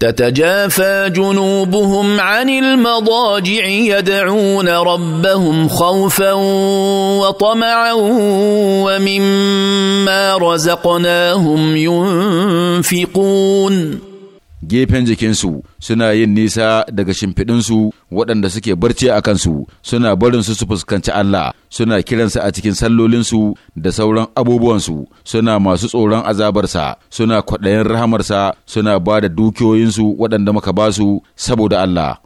تتجافى جنوبهم عن المضاجع يدعون ربهم خوفا وطمعا ومما رزقناهم ينفقون gefen jikinsu suna yin nisa daga shimfiɗinsu waɗanda suke barci a kansu suna barinsu su fuskanci Allah suna kiransa a cikin sallolinsu da sauran abubuwansu suna masu tsoron azabarsa suna kwaɗayin rahamarsa suna ba da dukiyoyinsu waɗanda muka basu saboda Allah